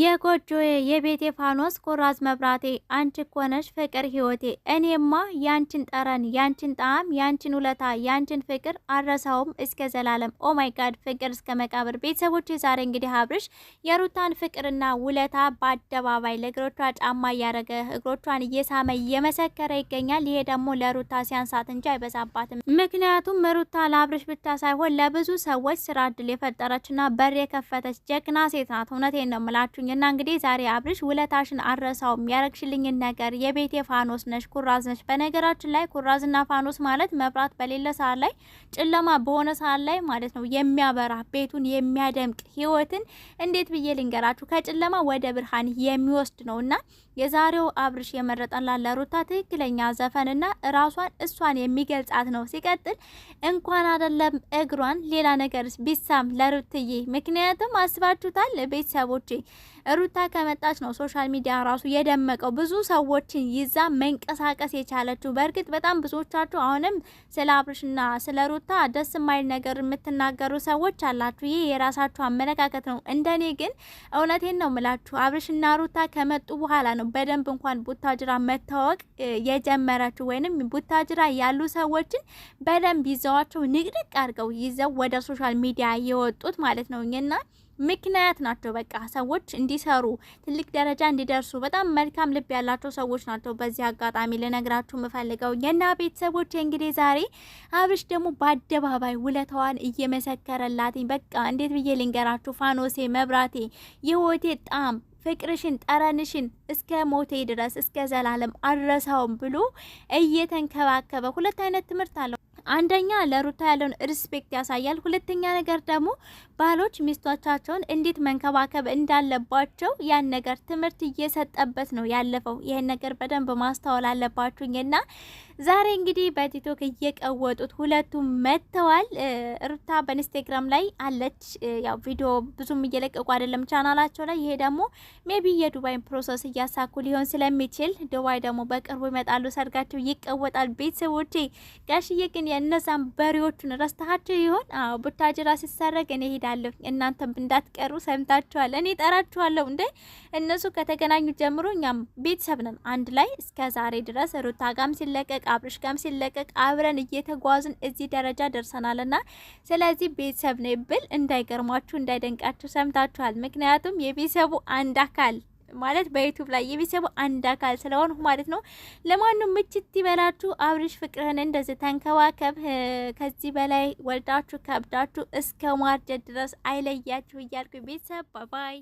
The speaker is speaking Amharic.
የጎጆዬ የቤቴ ፋኖስ ኩራዝ መብራቴ አንቺ እኮ ነሽ ፍቅር ህይወቴ። እኔማ ያንቺን ጠረን ያንቺን ጣዕም ያንቺን ውለታ ያንቺን ፍቅር አረሳውም እስከ ዘላለም። ኦ ማይ ጋድ ፍቅር እስከ መቃብር። ቤተሰቦች ዛሬ እንግዲህ አብርሽ የሩታን ፍቅርና ውለታ በአደባባይ ለእግሮቿ ጫማ እያደረገ እግሮቿን እየሳመ እየመሰከረ ይገኛል። ይሄ ደግሞ ለሩታ ሲያንሳት እንጂ አይበዛባትም። ምክንያቱም ሩታ ለአብርሽ ብቻ ሳይሆን ለብዙ ሰዎች ስራ እድል የፈጠረችና በር የከፈተች ጀግና ሴት ናት። እውነቴን ነው የምላችሁ ያላችሁኝ እና እንግዲህ ዛሬ አብርሽ ውለታሽን አረሳውም ያረግሽልኝን ነገር የቤቴ ፋኖስ ነሽ፣ ኩራዝ ነሽ። በነገራችን ላይ ኩራዝና ፋኖስ ማለት መብራት በሌለ ሰዓት ላይ ጨለማ በሆነ ሰዓት ላይ ማለት ነው የሚያበራ ቤቱን የሚያደምቅ ህይወትን እንዴት ብዬ ልንገራችሁ ከጨለማ ወደ ብርሃን የሚወስድ ነው እና የዛሬው አብርሽ የመረጠላ ለሩታ ትክክለኛ ዘፈንና ራሷን እሷን የሚገልጻት ነው። ሲቀጥል እንኳን አደለም እግሯን ሌላ ነገር ቢሳም ለሩትዬ ምክንያቱም አስባችሁታል ቤተሰቦቼ ሩታ ከመጣች ነው ሶሻል ሚዲያ ራሱ የደመቀው፣ ብዙ ሰዎችን ይዛ መንቀሳቀስ የቻለችው። በእርግጥ በጣም ብዙዎቻችሁ አሁንም ስለ አብርሽና ስለ ሩታ ደስ የማይል ነገር የምትናገሩ ሰዎች አላችሁ። ይህ የራሳችሁ አመለካከት ነው። እንደኔ ግን እውነቴን ነው ምላችሁ አብርሽና ሩታ ከመጡ በኋላ ነው በደንብ እንኳን ቡታጅራ መታወቅ የጀመረችው ወይንም ቡታጅራ ያሉ ሰዎችን በደንብ ይዘዋቸው ንቅድቅ አድርገው ይዘው ወደ ሶሻል ሚዲያ የወጡት ማለት ነው እና ምክንያት ናቸው። በቃ ሰዎች እንዲሰሩ ትልቅ ደረጃ እንዲደርሱ በጣም መልካም ልብ ያላቸው ሰዎች ናቸው። በዚህ አጋጣሚ ልነግራችሁ የምፈልገው የና ቤተሰቦች እንግዲህ ዛሬ አብርሽ ደግሞ በአደባባይ ውለታዋን እየመሰከረላትኝ በቃ እንዴት ብዬ ልንገራችሁ ፋኖሴ መብራቴ የሆቴ ጣም ፍቅርሽን ጠረንሽን እስከ ሞቴ ድረስ እስከ ዘላለም አድረሰውም ብሎ እየተንከባከበ ሁለት አይነት ትምህርት አለው። አንደኛ ለሩታ ያለውን ሪስፔክት ያሳያል። ሁለተኛ ነገር ደግሞ ባሎች ሚስቶቻቸውን እንዴት መንከባከብ እንዳለባቸው ያን ነገር ትምህርት እየሰጠበት ነው ያለፈው። ይህን ነገር በደንብ ማስተዋል ና ዛሬ እንግዲህ በቲክቶክ እየቀወጡት ሁለቱም መጥተዋል። ሩታ በኢንስታግራም ላይ አለች። ያው ቪዲዮ ብዙም እየለቀቁ አይደለም ቻናላቸው ላይ። ይሄ ደግሞ ሜቢ የዱባይን ፕሮሰስ እያሳኩ ሊሆን ስለሚችል ዱባይ ደግሞ በቅርቡ ይመጣሉ፣ ሰርጋቸው ይቀወጣል። ቤተሰቦቼ ጋሽዬ ግን እነዛን በሬዎቹን ረስተሃቸው ይሆን? አዎ ቡታጅራ ሲሰረግ እኔ ሄዳለሁ፣ እናንተም እንዳትቀሩ። ሰምታችኋል፣ እኔ ጠራችኋለሁ። እንዴ እነሱ ከተገናኙ ጀምሮ እኛም ቤተሰብ ነን አንድ ላይ እስከ ዛሬ ድረስ ሩታ ጋም ሲለቀቅ፣ አብርሽ ጋም ሲለቀቅ አብረን እየተጓዝን እዚህ ደረጃ ና ስለዚህ ቤተሰብ ነው ብል እንዳይገርማችሁ፣ እንዳይደንቃችሁ። ሰምታችኋል። ምክንያቱም የቤተሰቡ አንድ አካል ማለት በዩቱብ ላይ የቤተሰቡ አንድ አካል ስለሆን ማለት ነው። ለማንም ምችት ይበላችሁ። አብርሽ ፍቅርህን እንደዚህ ተንከባከብ። ከዚህ በላይ ወልዳችሁ ከብዳችሁ እስከ ማርጀት ድረስ አይለያችሁ እያልኩ ቤተሰብ ባባይ